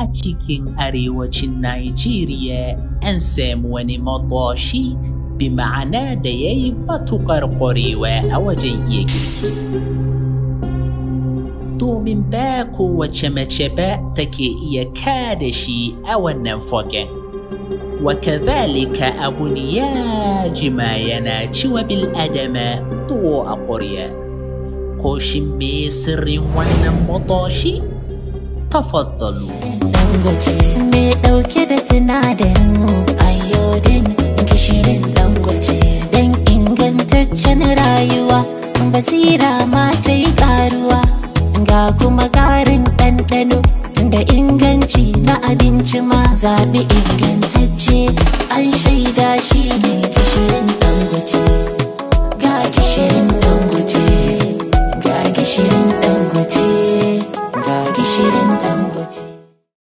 a cikin arewacin Najeriya an samu wani matashi bi ma'ana da ya yi matuƙar ƙwarewa a wajen iya girki. Domin ba kowace mace ba take iya kada shi a wannan fagen. وكذلك أبو نياج ما يناتي وبالأدمة طوى أقريا كوشم بسر ونمطاشي tafaddalu. Dangote me ɗauke da sinadarin iodine gishirin dangote don ingantaccen rayuwa basira ma ta yi karuwa ga kuma garin ɗanɗano da inganci na abinci ma zaɓi ingantacce an shaida shi ne gishirin dangote ga gishirin 让我记。